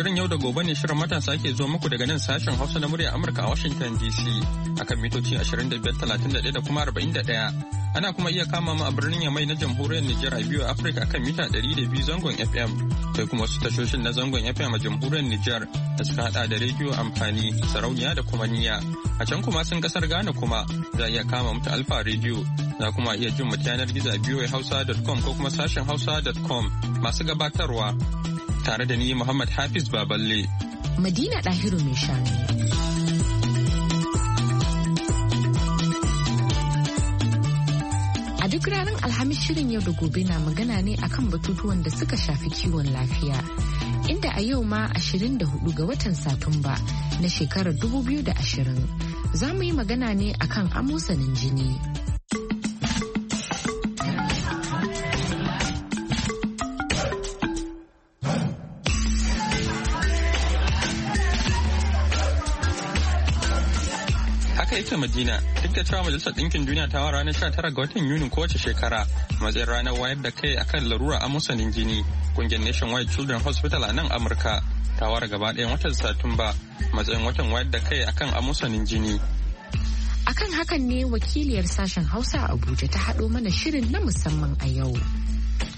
Shirin yau da gobe ne shirin matasa ke zuwa muku daga nan sashen Hausa na murya Amurka a Washington DC akan mitoci 2531 da kuma 41. Ana kuma iya kama mu a birnin Yamai na Jamhuriyar Nijar a biyu Afirka kan mita 200 zangon FM sai kuma wasu tashoshin na zangon FM a Jamhuriyar Nijar da suka hada da rediyo amfani sarauniya da kuma niya. A can kuma sun kasar Ghana kuma za a iya kama mu ta Alfa rediyo za kuma iya jin mu ta yanar gizo a biyu hausa.com ko kuma sashen hausa.com masu gabatarwa tare da ni Muhammad Hafiz Baballe. Madina Dahiru mai shanu. A duk ranar Alhamis shirin yau da gobe na magana ne akan batutuwan da suka shafi kiwon lafiya. Inda a yau ma 24 ga watan Satumba na shekarar 2020 za mu yi magana ne akan amusanin jini. ta Madina duk da cewa Majalisar Ɗinkin Duniya ta wara ranar 19 ga watan Yuni kowace shekara matsayin ranar wayar da kai akan larura a musanin jini kungiyar Nationwide Children Hospital a nan Amurka ta wara gaba ɗayan watan Satumba matsayin watan wayar da kai akan amusanin jini. Akan hakan ne wakiliyar sashen Hausa Abuja ta haɗo mana shirin na musamman a yau.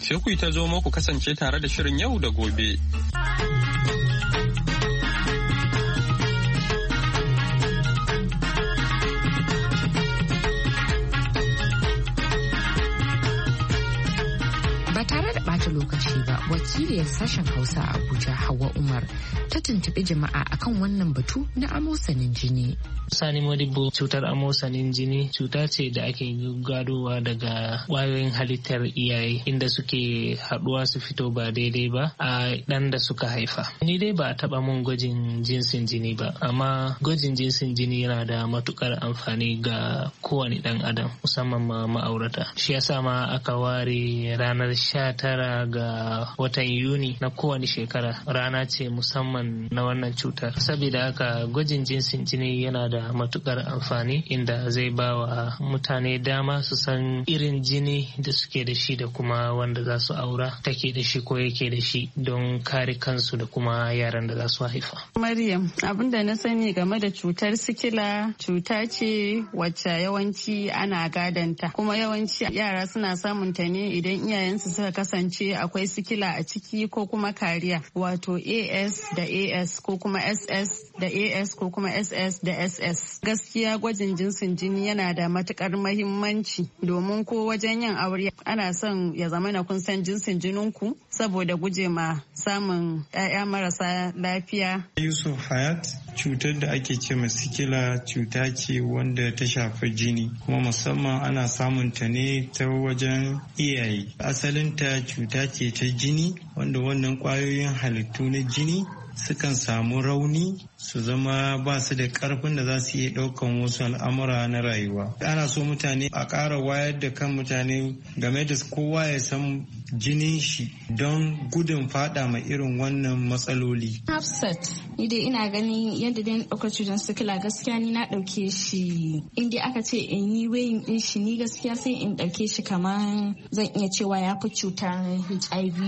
Sai ku ta zo ku kasance tare da shirin yau da gobe. lokaci ba wakiliyar sashen hausa a abuja hawa umar ta tuntuɓi jama'a akan wannan batu na amosanin jini sani modibo cutar amosanin jini cuta ce da ake gadowa daga ƙwayoyin halittar iyaye inda suke haɗuwa su fito ba daidai ba a ɗan da suka haifa ni dai ba a taɓa mun gwajin jinsin jini ba amma gwajin jinsin jini yana da matukar amfani ga kowane ɗan adam musamman ma ma'aurata shi yasa ma aka ware ranar sha tara ga watan Yuni na kowane shekara rana ce musamman na wannan cutar. Saboda haka gwajin jinsin jini yana da matukar amfani inda zai ba wa mutane dama su san irin jini da suke da shi da kuma wanda za su aura take da shi ko yake da shi don kare kansu da kuma yaran da za su haifa. Maryam, abin da na sani game da cutar sikila cuta ce wacce yawanci ana gadanta kuma yawanci yara suna samun ta ne idan iyayensu suka kasance akwai sikila a ciki ko kuma kariya wato as da as ko kuma ss da as ko kuma ss da ss gaskiya gwajin jinsin jini yana da matukar mahimmanci domin ko wajen yin aure ana son ya zama na kun san jinsin jininku saboda guje ma samun 'ya'ya marasa lafiya yusuf hayat cutar da ake ce sikila cuta ce wanda ta shafi jini kuma musamman ana samun ta ne ta wajen iyaye asalinta cuta cuta ce ta jini wanda wannan kwayoyin halittu na jini sukan samu rauni su zama ba su da karfin da za su iya daukan wasu al'amura na rayuwa ana so mutane a ƙara wayar da kan mutane game da kowa ya san jinin shi don gudun fada ma irin wannan matsaloli. Hafsat, ni dai ina ganin yadda dai ɗaukar cutar sikila gaskiya ni na ɗauke shi in aka ce in yi wayin ɗin shi ni gaskiya sai in ɗauke shi kamar zan iya cewa ya fi cutar HIV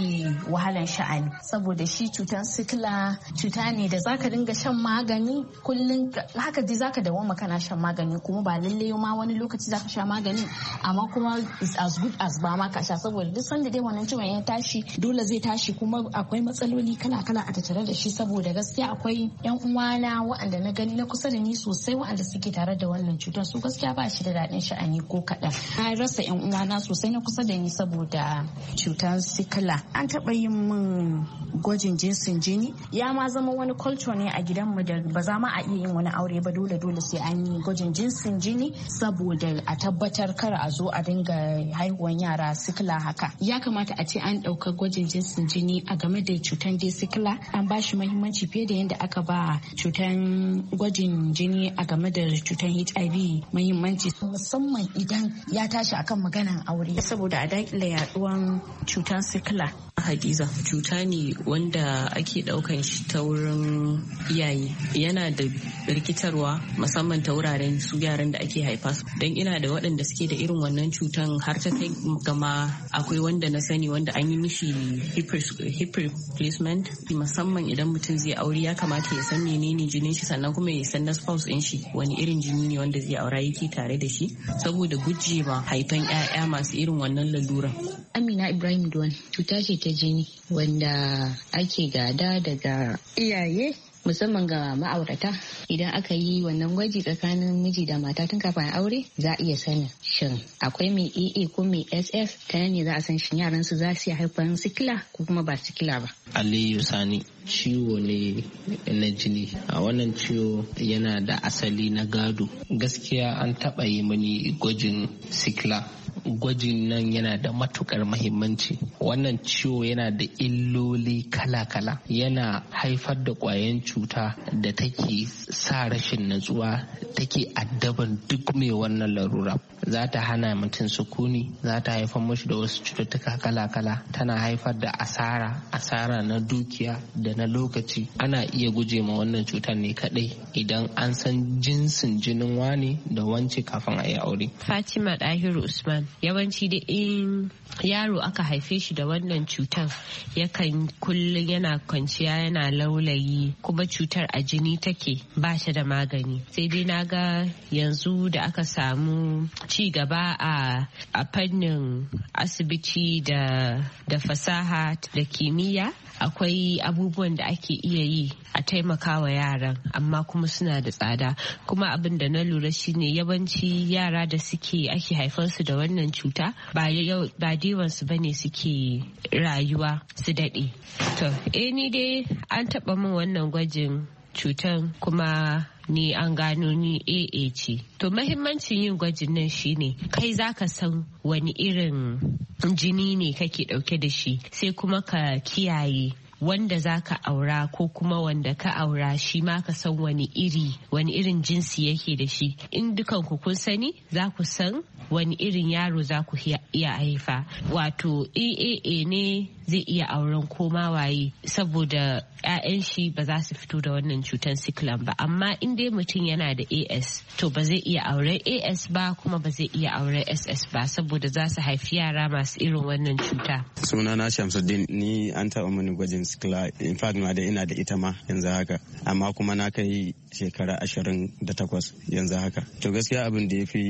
wahalan sha'ani. Saboda shi cutar sikila cuta ne da zaka dinga shan magani kullum haka dai zaka dawoma kana shan magani kuma ba lallai ma wani lokaci zaka sha magani amma kuma is as good as ba ma ka sha saboda duk sanda dai wannan ciwon ya tashi dole zai tashi kuma akwai matsaloli kala-kala a tattare da shi saboda gaskiya akwai yan uwana waɗanda na gani na kusa da ni sosai waɗanda suke tare da wannan cutar su gaskiya ba shi da daɗin sha'ani ko kaɗan na rasa yan uwana sosai na kusa da ni saboda cutar sikila an taɓa yin min gwajin jinsin jini ya ma zama wani culture ne a gidan mu da ba za ma a iya yin wani aure ba dole dole sai an yi gwajin jinsin jini saboda a tabbatar kar a zo a dinga haihuwan yara sikila haka ya kamata kamata a ce an ɗauka gwajin jinsin jini a game da cutan dai sikila an ba shi muhimmanci fiye da yadda aka ba cutan gwajin jini a game da cutan hiv muhimmanci musamman idan ya tashi akan maganan aure saboda a dakile yaduwan cutan sikila Hadiza cuta ne wanda ake daukan shi ta wurin iyaye yana da rikitarwa musamman ta wuraren su yaran da ake haifa don ina da waɗanda suke da irin wannan cutan har ta kai gama akwai wanda na sani wanda an yi mishi hip replacement musamman idan mutum zai aure ya kamata ya san menene jinin shi sannan kuma ya san na spouse din shi wani irin jini ne wanda zai aura yake tare da shi saboda gujewa haifan 'ya'ya masu irin wannan laluran. Amina Ibrahim Duwan cuta ce ta jini wanda ake gada daga iyaye musamman ga ma'aurata idan aka yi wannan gwaji tsakanin miji da mata tun kafin aure za a iya sanin shin akwai mai aa ko mai sf ta ne za a san shin yaran su za su haifar sikila ko kuma ba sikila ba aliyu sani ciwo ne na jini a wannan ciwo yana da asali na gado gaskiya an taɓa yi mani gwajin sikla gwajin nan yana da matukar mahimmanci wannan ciwo yana da illoli kala-kala yana haifar da kwayan cuta da take sa rashin natsuwa take addaban duk mai wannan larura za ta hana mutum sukuni za ta haifar mashi da wasu cututtuka kala-kala tana haifar da asara asara na dukiya da na lokaci ana iya guje ma wannan cutar ne kadai idan an san jinsin jinin wani da wance kafin a yi aure. Fatima Dahiru Usman yawanci da in yaro aka haife shi da wannan cutar yakan kullum yana kwanciya yana laulayi kuma cutar a jini take ba shi da magani sai dai na ga yanzu da aka samu ci gaba a fannin asibiti da fasaha da kimiyya akwai abubuwan abubuwan da ake iya yi a taimakawa yaran amma kuma suna da tsada kuma abin da na lura shine yawanci yara da suke ake haifarsu da wannan cuta ba diwansu ne suke rayuwa su daɗe to eh ni dai an taɓa min wannan gwajin cutan kuma ni an gano ni AA ce. To mahimmancin yin gwajin nan shine kai zaka san wani irin jini ne kake dauke da shi sai kuma ka kiyaye wanda za ka aura ko kuma wanda ka aura shi ma ka san wani iri wani irin jinsi yake da shi in dukan ku kun sani za ku san wani irin yaro za ku iya haifa wato aaa e ne zai iya auren koma waye saboda 'ya'yan shi ba za su fito da wannan cutar siklan ba amma in dai mutum yana da as to ba zai iya auren as ba kuma ba zai iya auren ss ba saboda za su haifi yara masu irin wannan cuta suna na shamsuddin ni an taɓa mini gwajin sikla in fact ma da ina da ita ma yanzu haka amma kuma na kai shekara ashirin da takwas yanzu haka to gaskiya abin da ya fi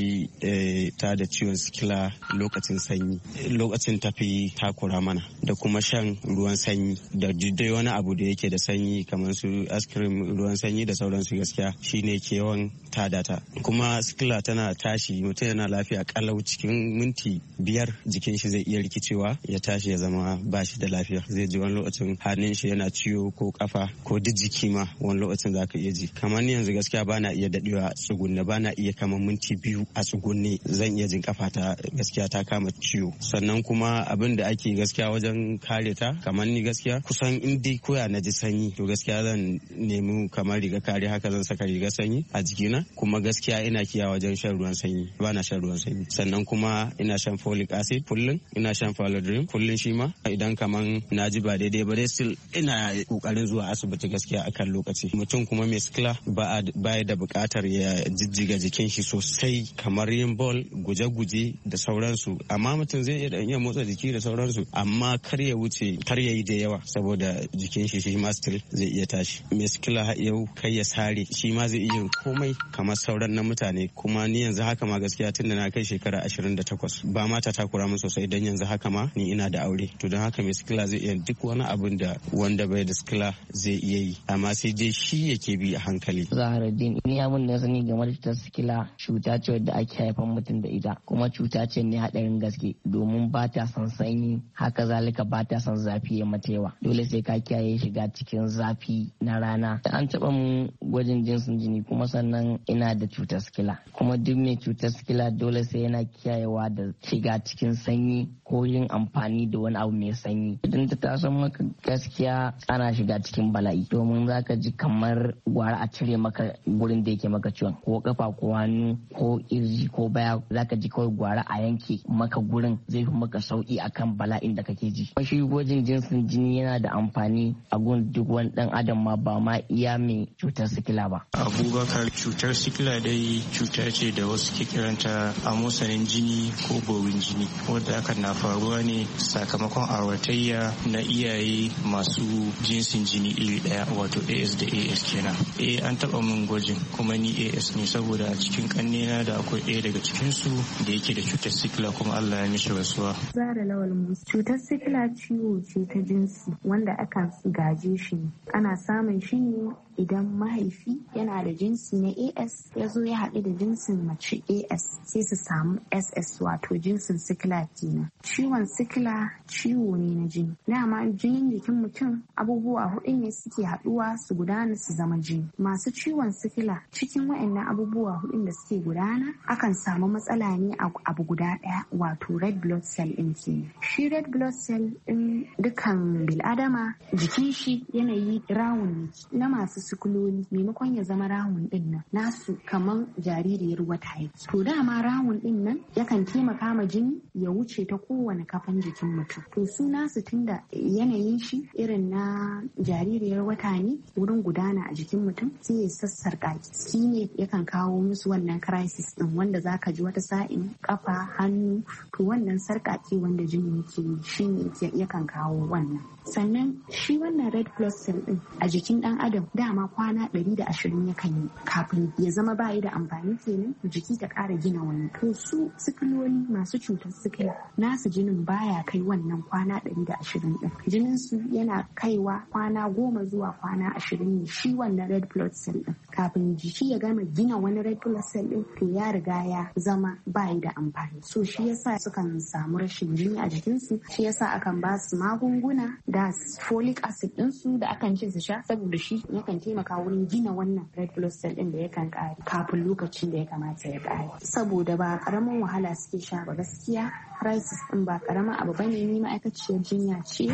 eh, ta da ciwon sikila lokacin sanyi lokacin tafi takura mana da kuma shan ruwan sanyi da dai wani abu da yake da sanyi kamar su ice ruwan sanyi da sauransu gaskiya shine ke yawan tadata kuma sikila tana tashi mutum yana lafiya kalau cikin minti biyar jikin shi zai iya rikicewa ya tashi ya zama ba shi da lafiya zai ji wani lokacin hannun shi yana ciwo ko kafa ko duk jiki ma wani lokacin za ka iya ji kamar ni yanzu gaskiya ba na iya dadewa tsugunne ba na iya kamar minti biyu a tsugunne zan iya jin kafa ta gaskiya ta kama ciwo sannan kuma abin da ake gaskiya wajen kare ta kamar ni gaskiya kusan in dai koya na ji sanyi to gaskiya zan nemi kamar riga kare haka zan saka riga sanyi a jikina kuma gaskiya ina kiya wajen shan ruwan sanyi ba na shan ruwan sanyi sannan kuma ina shan folic acid kullum ina shan falodrim kullum shi ma idan kamar na ji ba daidai ba dai still ina kokarin zuwa asibiti gaskiya akan lokaci mutum kuma mai skla ba baya da bukatar ya jijjiga jikin shi sosai kamar yin ball guje-guje da sauransu amma mutum zai iya motsa jiki da sauransu amma kar kar ya wuce kar ya yi da yawa saboda jikin shi shi ma zai iya tashi mai sikila yau kai ya sare shi ma zai iya komai kamar sauran na mutane kuma ni yanzu haka ma gaskiya tun da na kai shekara 28 ba ma ta takura min sosai dan yanzu haka ma ni ina da aure to don haka mai sikila zai iya duk wani abun da wanda bai da sikila zai iya yi amma sai dai shi yake bi a hankali zaharuddin ni abin da sani game da cutar sikila cuta ce wadda ake haifan mutum da ita kuma cuta ce ne hadarin gaske domin ba ta son sanyi haka zalika ba ta son zafi ya mata yawa dole sai ka kiyaye shiga cikin zafi na rana an taba mu gwajin jinsin jini kuma sannan ina da cutar sikila kuma duk mai cutar sikila dole sai yana kiyayewa da shiga cikin sanyi ko yin amfani da wani abu mai sanyi idan ta taso maka gaskiya ana shiga cikin bala'i domin zaka ji kamar gwara a cire maka gurin da yake maka ciwon ko kafa ko hannu ko irji ko baya zaka ji kawai gwara a yanke maka gurin zai fi maka sauki akan bala'in da kake ji shi gwajin jinsin jini yana da amfani a gun duk wani dan adam ma ba ma iya mai cutar sikila ba. Abubakar cutar sikila dai cuta ce da wasu ke kiranta amosanin jini ko borin jini wadda aka na faruwa ne sakamakon auratayya na iyaye masu jinsin jini iri daya wato AS da AS kenan. A eh, an taba min gwajin kuma ni AS ne saboda a cikin na da akwai a daga cikin su da yake da cutar sikila kuma Allah ya mishi rasuwa. Zara Lawal cutar sikila ciwo ce ta jinsi wanda akan gaje shi ana samun shi ne idan mahaifi yana da jinsi na as ya zo ya haɗu da jinsin mace as sai su samu ss wato jinsin sikila kenan ciwon sikila ciwo ne na jini dama jinin jikin mutum abubuwa hudu ne suke haɗuwa su gudana su zama jini masu ciwon sikila cikin waɗannan abubuwa huɗun da suke gudana akan samu matsala ne a abu guda ɗaya wato red blood cell ɗin kenan shi red blood cell ɗin dukkan bil'adama jikin shi yanayi rawun na masu sikuloli maimakon ya zama rawun din nan nasu kaman jaririyar wata yake to dama rawun din nan yakan taimaka ma jini ya wuce ta kowane kafan jikin mutum to su nasu tunda yanayin shi irin na jaririyar wata ne wurin gudana a jikin mutum sai ya sassarƙa shi ne yakan kawo musu wannan crisis din wanda zaka ji wata sa'in kafa hannu to wannan sarƙaƙi wanda jini yake yi shi ne yakan kawo wannan sannan shi wannan red blood cell din a jikin dan adam da ma kwana ɗari da ashirin yakan yi kafin ya zama bayi da amfani kenan jiki ta ƙara gina wani to su sikiloli masu cutar sikila nasu jinin baya kai wannan kwana ɗari da ashirin ɗin jinin su yana kaiwa kwana goma zuwa kwana ashirin ne shi wannan red blood cell ɗin kafin jiki ya gama gina wani red blood cell ɗin to ya riga ya zama bayi da amfani so shi yasa sukan samu rashin jini a jikinsu shi yasa akan ba su magunguna da folic acid su da akan ce su sha saboda shi yakan taimaka wurin gina wannan red blood cell din da ya kan kare kafin lokacin da ya kamata ya kare saboda ba karamin wahala suke sha ba gaskiya crisis din ba karama abu bane ni ma'aikaciyar jinya ce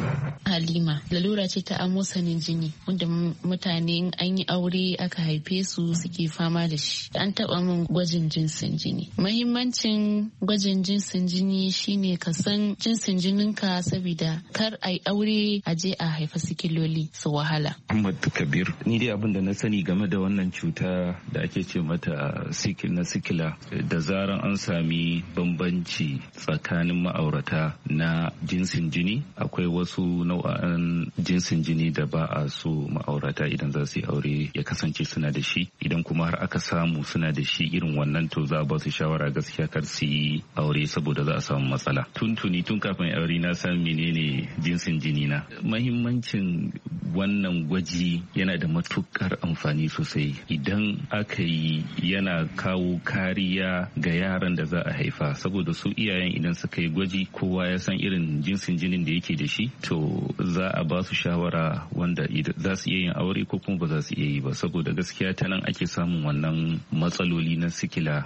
halima lalura ce ta amosanin jini wanda mutane an yi aure aka haife su suke fama da shi an taba min gwajin jinsin jini mahimmancin gwajin jinsin jini shine ka san jinsin jininka saboda kar ai aure a je a haifa sikiloli su wahala Ahmad Kabir ni dai abin da na sani game da wannan cuta da ake ce mata sikil na sikila da zaran an sami bambanci tsakanin tsakanin ma'aurata na jinsin jini akwai wasu nau'an jinsin jini da ba a so ma'aurata idan za su yi aure ya kasance suna da shi idan kuma har aka samu suna da shi irin wannan to za a ba su shawara gaskiya kar su yi aure saboda za a samu matsala tuntuni tun kafin aure na san menene jinsin jini na mahimmancin wannan gwaji yana da matukar amfani sosai idan aka yi yana kawo kariya ga yaran da za a haifa saboda su iyayen idan suka yi gwaji kowa ya san irin jinsin jinin da yake da shi to za a ba su shawara wanda za su iya yin aure ko kuma ba za su iya yi ba saboda gaskiya ta nan ake samun wannan matsaloli na sikila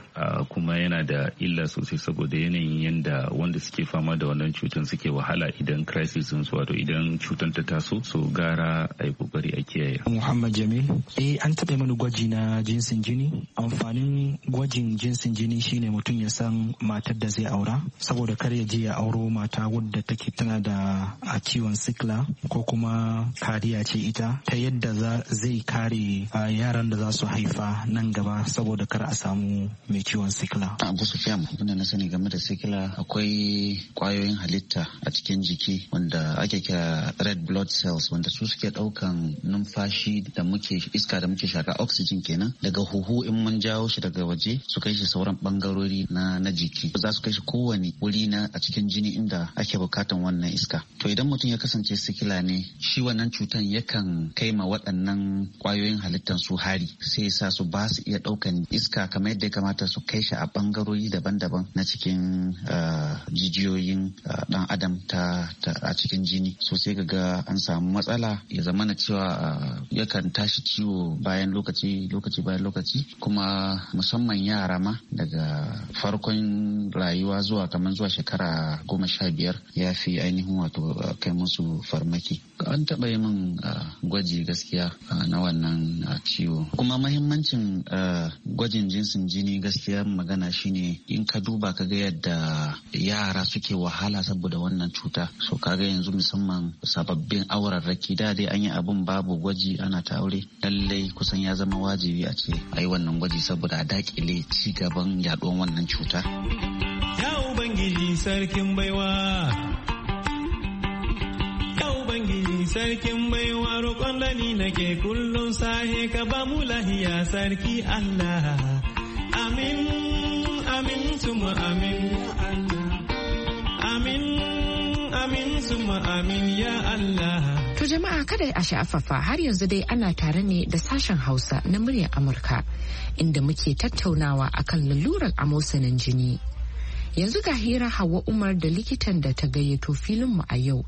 kuma yana da illa sosai saboda yanayin yanda wanda suke fama da wannan cutar suke wahala idan crisis sun wato idan cutar ta taso so gara kuma a yi kokari a kiyaye. Muhammad Jamil, eh an taɓa mani gwaji na jinsin jini. Amfanin gwajin jinsin jini shine mutum ya san matar da zai aura saboda kar ya je ya auro mata wadda take tana da a ciwon sikla ko kuma kariya ce ita ta yadda zai kare yaran da za su haifa nan gaba saboda kar a samu mai ciwon sikla. Abu Sufyan, abinda na sani game da sikla akwai kwayoyin halitta a cikin jiki wanda ake kira red blood cells wanda su suke suke daukan numfashi da muke iska da muke shaka oxygen kenan daga huhu in mun jawo shi daga waje su kai shi sauran bangarori na na jiki za su kai shi kowane wuri na a cikin jini inda ake bukatan wannan iska to idan mutum ya kasance sikila ne shi wannan cutan yakan kai ma waɗannan kwayoyin halittar su hari sai sa su ba su iya daukan iska kamar yadda ya kamata su kai shi a bangarori daban-daban na cikin ah, jijiyoyin dan ah, adam ta a cikin jini sosai sai ga an samu matsala ya zamana cewa ah, yakan tashi ciwo bayan lokaci lokaci bayan lokaci kuma musamman yara ma daga farkon rayuwa zuwa kamar zuwa shekara goma sha biyar ya fi ainihin wato ah, kai musu farmaki an taɓa yi min gwaji gaskiya na wannan ciwo kuma mahimmancin gwajin jinsin jini gaskiya magana shine in ka duba ka ga yadda yara suke wahala saboda wannan cuta so kaga yanzu musamman sababbin aurarraki da dai an yi abun babu gwaji ana ta aure lallai kusan ya zama wajibi a ce a yi wannan gwaji saboda a dakile ci gaban yaɗuwan wannan cuta ya ubangiji sarkin baiwa sarkin baiwa roƙon da nake kullum sahe ka ba mu lahiya sarki Allah. Amin, amin, suma amin, ya Allah. Amin, amin, suma amin, ya Allah. To jama'a kada a sha'afafa har yanzu dai ana tare ne da sashen Hausa na muryar Amurka inda muke tattaunawa akan lalurar amosanin jini. Yanzu ga hira Hawa Umar da likitan da ta gayyato filinmu a yau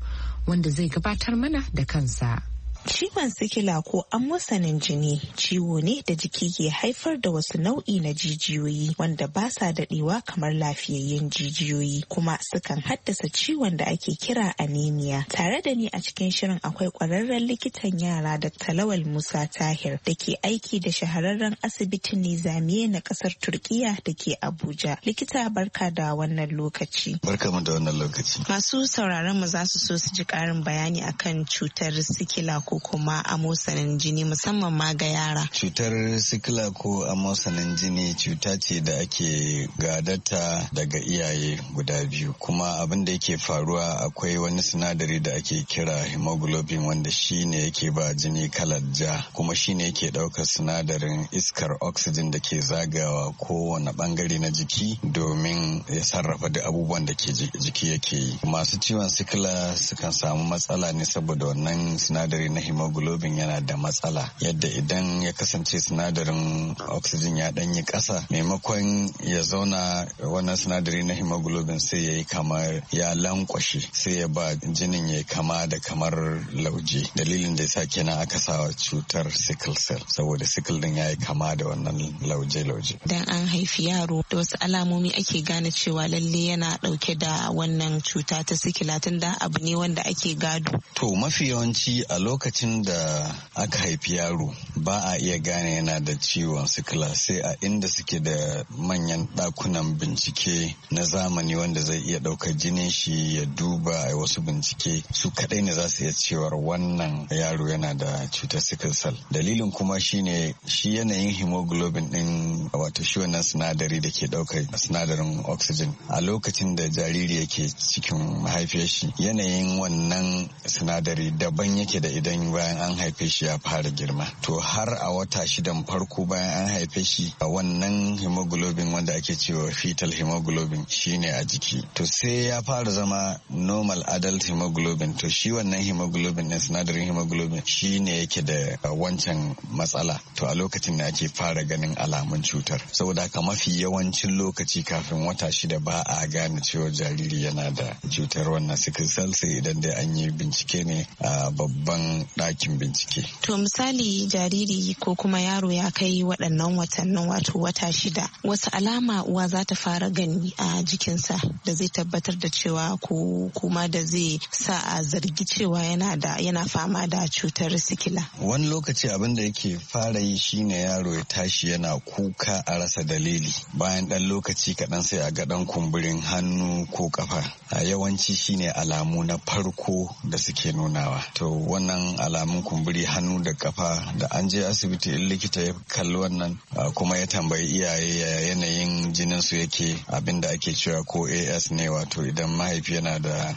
wanda zai gabatar mana da kansa. Ciwon sikila ko musanin jini ciwo ne da jiki ke haifar da wasu nau'i na jijiyoyi wanda ba sa daɗewa kamar lafiyayyen jijiyoyi kuma sukan haddasa ciwon da ake kira anemia. Tare da ni a cikin shirin akwai ƙwararren likitan yara da Talawal Musa Tahir da ke aiki da shahararren asibitin Nizamiye na ƙasar Turkiya da ke Abuja. Likita barka da wannan lokaci. Barka da wannan lokaci. Masu sauraron mu za su so su ji ƙarin bayani akan cutar sikila ko kuma amosanin jini musamman ma ga yara. Cutar sikila ko amosanin jini cuta ce da ake gadata daga iyaye guda biyu kuma abin da yake faruwa akwai wani sinadari da ake kira hemoglobin wanda shi ne yake ba jini kalar ja kuma shi ne yake ɗaukar sinadarin iskar oxygen da ke zagawa kowane bangare na jiki domin ya sarrafa da abubuwan da ke jiki yake yi. Masu ciwon sikila sukan samu matsala ne saboda wannan sinadari na hemoglobin yana da matsala yadda idan ya kasance sinadarin oxygen ya danyi kasa maimakon ya zauna wannan sinadari na hemoglobin sai ya yi kamar ya lankwashe sai ya ba jinin ya kama da kamar lauje dalilin da yasa kenan aka sa cutar sickle cell saboda sickle din ya yi kama da wannan lauje-lauje dan an haifi yaro da wasu alamomi ake gane cewa lalle yana dauke da wannan cuta ta sikila da abu ne wanda ake gado to mafi yawanci a lokacin lokacin da aka haifi yaro ba a iya gane yana da ciwon sikila sai a inda suke da manyan ɗakunan bincike na zamani wanda zai iya ɗaukar jinin shi ya duba a wasu bincike su kaɗai ne za su iya cewar wannan yaro yana da cutar sikilsal dalilin kuma shine shi yanayin hemoglobin ɗin wato shi wannan sinadari da ke ɗaukar sinadarin oxygen a lokacin da jariri yake cikin mahaifiyar shi yanayin wannan sinadari daban yake da idan bayan an haife shi ya fara girma to har a wata shidan farko bayan an haife shi a wannan hemoglobin wanda ake cewa fetal hemoglobin shine a jiki to sai ya fara zama normal adult hemoglobin to shi wannan hemoglobin na sinadarin hemoglobin shine yake da wancan matsala to a lokacin da ake fara ganin alamun cutar saboda haka mafi yawancin lokaci kafin wata shida ba a gane cewa jariri yana da cutar wannan sickle cell sai idan dai an yi bincike ne a babban ɗakin bincike. To misali jariri ko kuma yaro ya kai waɗannan watannin wato wata shida wasu alama uwa za ta fara gani a jikinsa da zai tabbatar da cewa ko kuma da zai sa a zargi cewa yana da yana fama da cutar sikila. Wani lokaci abin da yake fara yi shine yaro ya tashi yana kuka a rasa dalili bayan ɗan lokaci kaɗan sai a ga kumburin hannu ko kafa a yawanci shine alamu na farko da suke nunawa to wannan alamun kumburi hannu da kafa da an je asibiti in likita ya kalli wannan kuma ya tambayi iyaye ya yanayin jinin su yake abinda ake cewa ko as ne wato idan mahaifi yana da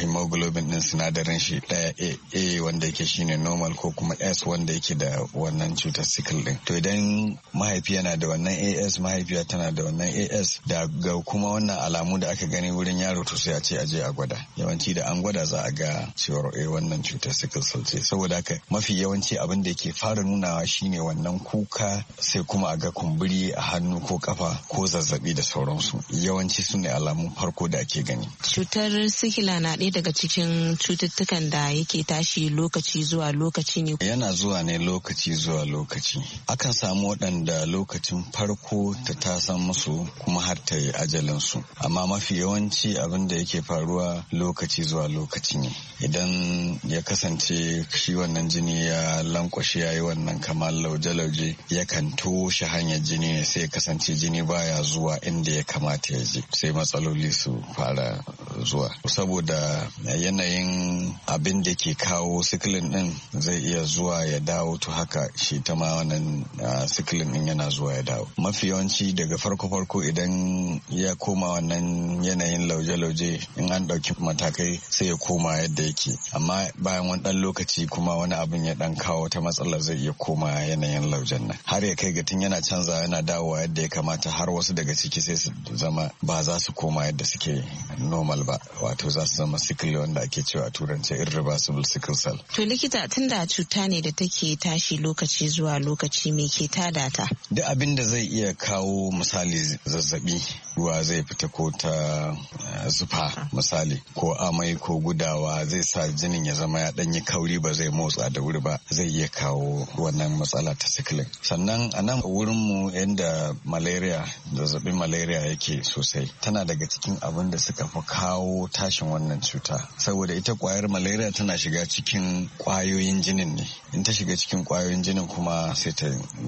hemoglobin din sinadarin shi daya a wanda yake shine normal ko kuma s wanda yake da wannan cutar sickle din to idan mahaifi yana da wannan as mahaifiya tana da wannan as da ga kuma wannan alamu da aka gani wurin yaro to sai a ce a je a gwada yawanci da an gwada za a ga cewa a eh, wannan cutar sickle sosai saboda haka mafi yawanci abin da ke fara nunawa shine wannan kuka sai kuma a ga kumburi a hannu ko kafa ko zazzabi da sauransu yawanci su ne alamun farko da ake gani cutar sikila na ɗaya daga cikin cututtukan da yake tashi lokaci zuwa lokaci ne yana zuwa ne lokaci zuwa lokaci akan samu waɗanda lokacin farko ta tasan musu kuma har ta yi ajalinsu amma mafi yawanci abin da yake faruwa lokaci zuwa lokaci ne idan ya kasance shi wannan jini ya lankwashe ya yi wannan kamar lauje-lauje yakan toshe hanyar jini ne sai kasance jini baya zuwa inda ya kamata ya je sai matsaloli su fara zuwa saboda yanayin abin da ke kawo sikilin din zai iya zuwa ya dawo to haka shi ta ma wannan siklin din yana zuwa ya dawo mafi yawanci daga farko-farko idan ya koma wannan yanayin lauje-lauje in an ɗauki matakai sai ya koma yadda yake amma bayan wani ɗan lokaci lokaci kuma wani abin ya dan kawo ta matsalar zai iya koma yanayin laujen nan har ya kai ga tun yana canza yana dawowa yadda ya kamata har wasu daga ciki sai su zama ba za su koma yadda suke normal ba wato za su zama sickle wanda ake cewa turance irreversible sickle cell to likita tun da cuta ne da take tashi lokaci zuwa lokaci me ke tada ta duk abin da zai iya kawo misali zazzabi ruwa zai fita ko ta eh, zufa misali ko amai ko gudawa zai sa jinin ya zama ya danyi kawai sauri ba zai motsa da wuri ba zai iya kawo wannan matsala ta sikilin sannan a nan mu yadda malaria zazzabin malaria yake sosai tana daga cikin abin da suka fi kawo tashin wannan cuta saboda ita kwayar malaria tana shiga cikin kwayoyin jinin ne in ta shiga cikin kwayoyin jinin kuma sai ta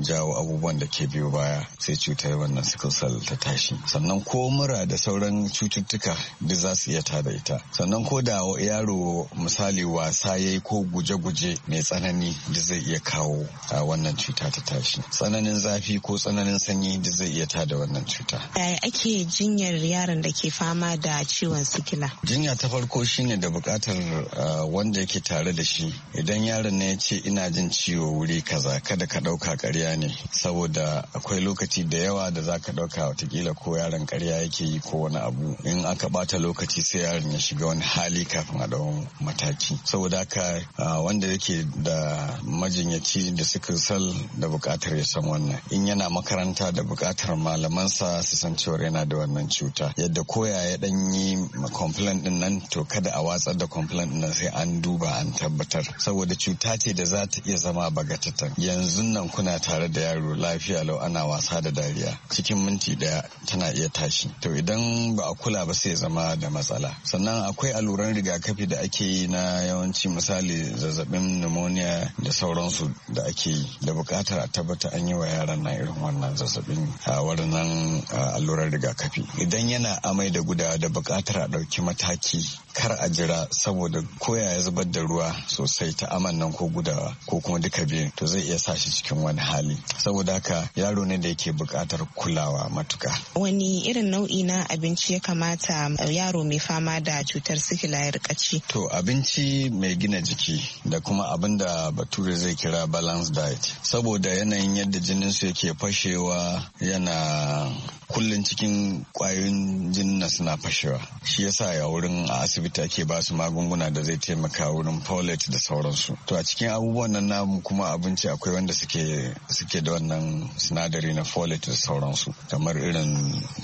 jawo abubuwan da ke biyo baya sai cutar wannan sickle cell ta tashi sannan ko mura da sauran cututtuka duk za su iya tada ita sannan ko da yaro misali wasa yayi ko guje-guje mai tsanani da zai iya kawo a wannan cuta ta tashi tsananin zafi ko tsananin sanyi da zai iya tada wannan cuta yaya ake jinyar yaron da ke fama da ciwon sikila jinya ta farko shine da bukatar wanda yake tare da shi idan yaron ne ya ce ina jin ciwo wuri kaza kada ka dauka karya ne saboda akwai lokaci da yawa da zaka ka dauka watakila ko yaron karya yake yi ko wani abu in aka bata lokaci sai yaron ya shiga wani hali kafin a dau mataki saboda haka wanda yake da majinyaci da suka sal da bukatar ya san wannan in yana makaranta da bukatar malaman sa su san cewar yana da wannan cuta yadda koya ya dan yi complaint din nan to kada a watsar da complaint din nan sai an duba an tabbatar saboda cuta ce da za ta iya zama bagatatan yanzu nan kuna tare da yaro lafiya lau ana wasa da dariya cikin minti daya tana iya tashi to idan ba a kula ba sai zama da matsala sannan akwai alluran rigakafi da ake yi na yawanci misali zazzabin pneumonia da sauransu da ake yi da bukatar a tabbata an yi wa yaran na irin wannan zazzabin a waɗannan allurar rigakafi idan yana amai da guda da bukatar a ɗauki mataki kar a jira saboda koya ya zubar da ruwa sosai ta aman nan ko gudawa ko kuma duka biyun to zai iya sa shi cikin wani hali saboda haka yaro ne da yake buƙatar kulawa matuka. Wani irin nau'i na abinci ya kamata yaro mai fama da cutar sikila ya rika To abinci mai gina jiki da kuma abin da bature zai kira balance diet saboda yanayin yadda jinin su yake fashewa yana kullum cikin kwayoyin jinna suna fashewa shi yasa ya wurin a asibiti ake ba su magunguna da zai taimaka wurin folate da sauransu to a cikin abubuwan nan namu kuma abinci akwai wanda suke suke da wannan sinadari na folate da sauransu kamar irin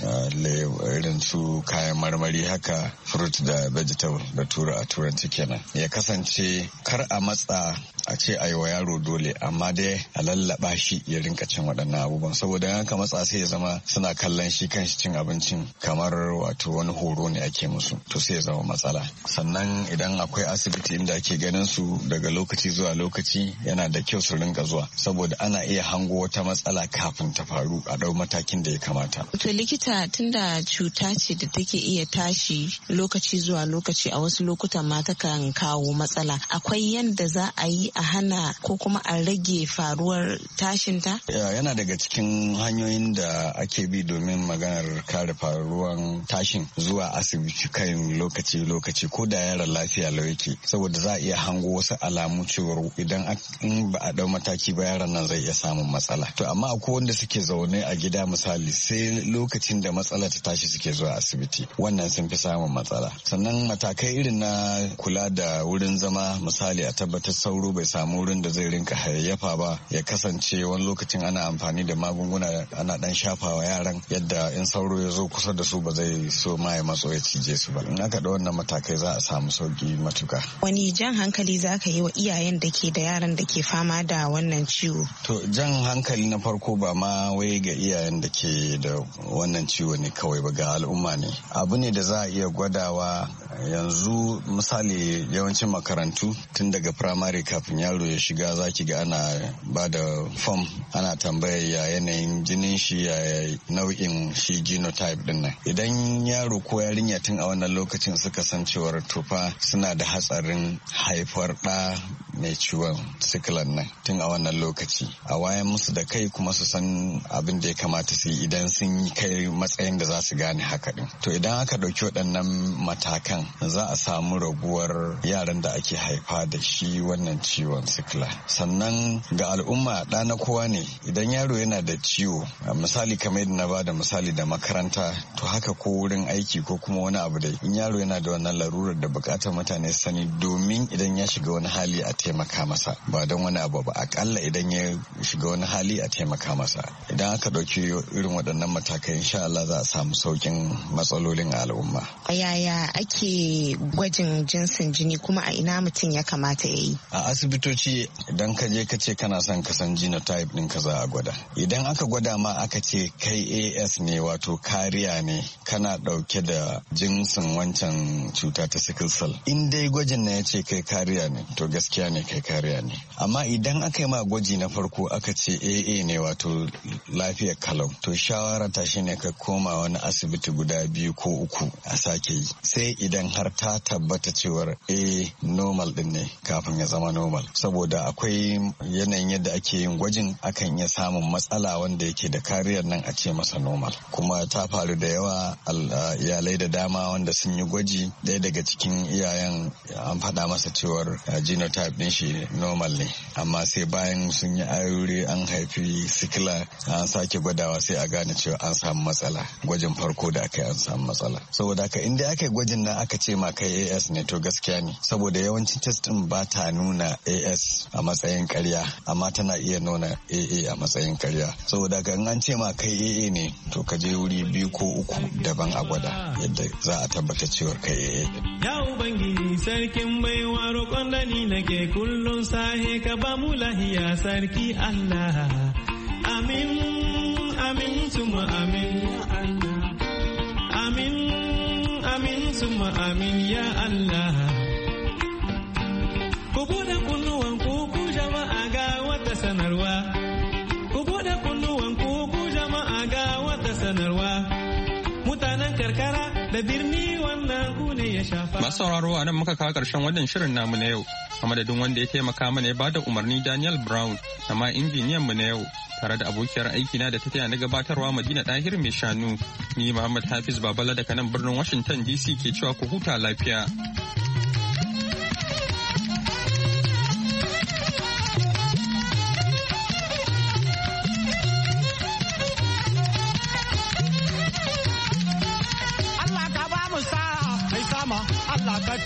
eh, irin su kayan marmari haka fruit da vegetable da tura a turanci kenan ya kasance kar a matsa a ce a yi wa yaro dole amma dai a lallaba shi ya rinka cin waɗannan abubuwan saboda yanka matsa sai ya zama suna kallon kallon shi kan shi cin abincin kamar wato wani horo ne ake musu to sai ya zama matsala sannan idan akwai asibiti inda ake ganin su daga lokaci zuwa lokaci yana da kyau su rinka zuwa saboda ana iya hango wata matsala kafin ta faru a dau matakin da ya kamata to likita tunda cuta ce da take iya tashi lokaci zuwa lokaci a wasu lokutan ma takan kawo matsala akwai yadda za a yi a hana ko kuma a rage faruwar tashin ta. yana daga cikin hanyoyin da ake bi domin min maganar kare faruwan tashin zuwa asibiti kan lokaci-lokaci ko da yaran lafiya lau yake saboda za a iya hango wasu alamu cewar idan in ba a dau mataki ba yaran nan zai iya samun matsala to amma akwai wanda suke zaune a gida misali sai lokacin da matsala ta tashi suke zuwa asibiti wannan sun fi samun matsala sannan matakai irin na kula da wurin zama misali a tabbatar sauro bai samu wurin da zai rinka hayayyafa ba ya kasance wani lokacin ana amfani da magunguna ana dan shafawa yaran yadda in sauro ya zo kusa da su ba zai so ma ya matso ya cije su ba in aka da wannan matakai za a samu sauki matuka wani jan hankali za ka yi wa iyayen da ke da yaran da ke fama da wannan ciwo to jan hankali na farko ba ma wai ga iyayen da ke da wannan ciwo ne kawai ba ga al'umma ne abu ne da za a iya gwadawa yanzu misali yawancin makarantu tun daga firamare kafin yaro ya shiga za ki ga ana ba da fom ana tambayar ya yanayin jinin shi ya nau'i nau'in shi genotype din nan idan yaro ko yarinya tun a wannan lokacin suka san cewar tufa suna da hatsarin haifar ɗa mai ciwon sikilan nan tun a wannan lokaci a wayan musu da kai kuma su san abin da ya kamata su yi idan sun yi kai matsayin da za su gane haka din to idan aka ɗauki waɗannan matakan za a samu raguwar yaran da ake haifa da shi wannan ciwon sikila sannan ga al'umma ɗa na kowa ne idan yaro yana da ciwo misali kamar yadda na ba da misali da makaranta to haka ko wurin aiki ko kuma wani abu dai in yaro yana da wannan larurar da bukatar mutane sani domin idan ya shiga wani hali a taimaka masa ba don wani abu ba akalla idan ya shiga wani hali a taimaka masa idan aka ɗauki irin waɗannan matakai insha Allah za a samu saukin matsalolin al'umma. a Yaya ake gwajin jinsin jini kuma a ina mutum ya kamata ya yi? A asibitoci idan ka je ka ce kana son ka san genotype din ka za a gwada. Idan aka gwada ma aka ce kai s ne wato kariya ne kana ɗauke da jinsin wancan cuta ta sickle cell in dai gwajin na ya ce kai kariya ne to gaskiya ne kai kariya ne amma idan aka yi ma gwaji na farko aka ce aa ne wato lafiyar kalau to shawara ta shi shine ka koma wani asibiti guda biyu ko uku a sake yi sai idan har ta tabbata cewar a normal din ne kafin ya zama normal saboda akwai yanayin yadda ake yin gwajin akan iya samun matsala wanda yake da kariyar nan a ce masa normal kuma ta faru da yawa iyalai da dama wanda sun yi gwaji daya daga cikin iyayen an faɗa masa cewar genotype ɗin shi normal ne amma sai bayan sun yi aure an haifi sikila an sake gwadawa sai a gane cewa an samu matsala gwajin farko da aka yi an samu matsala saboda haka inda aka yi gwajin nan aka ce ma kai as ne to gaskiya ne saboda yawancin test ɗin ba ta nuna as a matsayin karya amma tana iya nuna aa a matsayin karya saboda haka in an ce ma kai aa ne to ka je wuri biyu ko uku daban a gwada yadda za a tabbata cewar ka yaye. Eh. Ya Ubangiji sarkin baiwa roƙon nake kullum sahe ka ba mu lahiya sarki Allah. Amin, amin, suma amin Allah. Amin, amin, amin ya Allah. sauraro a nan muka kawo ƙarshen wannan shirin namu na yau, a madadin wanda ya taimaka mana ya ba da umarni Daniel Brown da injiniyan mu na yau, tare da abokiyar aikina da ta taya na gabatarwa Madina dahir mai shanu, ni Muhammad Hafiz Babala daga nan birnin Washington DC ke cewa ku huta lafiya.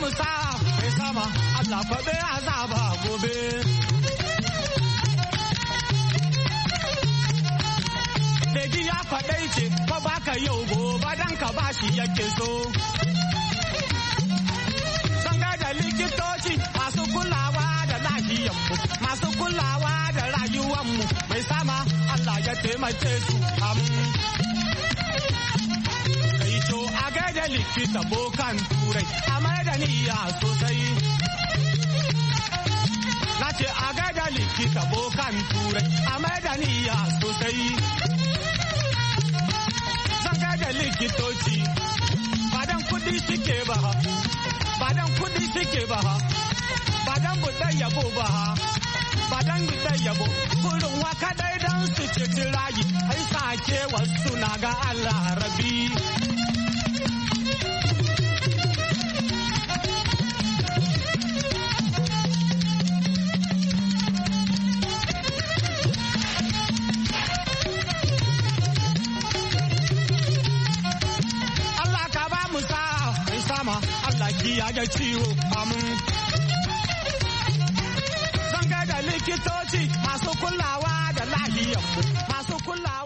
mu sa mai sama Allah faɗe azaba gobe. Daji ya faɗai ce fa baka yau gobe dan ka ba shi yake so. Sun da likitoci masu kulawa da lahiyanmu masu kulawa da rayuwanmu mai sama Allah ya taimake su amin. to a likita bokan turai a da niyya sosai na ce a gaida likita bokan turai a da niyya sosai zan gaida likitoci badan kudi suke ba ha badan kudi suke ba ha badan budan yabo ba ha badan budan yabo burin waka dai dan su ce rayi ai sake wasu na ga Allah rabi mai ciwo amin. Zan gaida likitoci masu kulawa da lahiyar